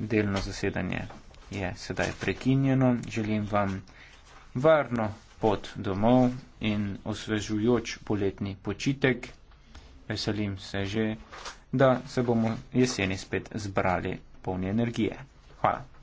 delno zasedanje je sedaj prekinjeno. Želim vam varno pot domov in osvežujoč poletni počitek. Veselim se že, da se bomo jeseni spet zbrali polni energije. Hvala.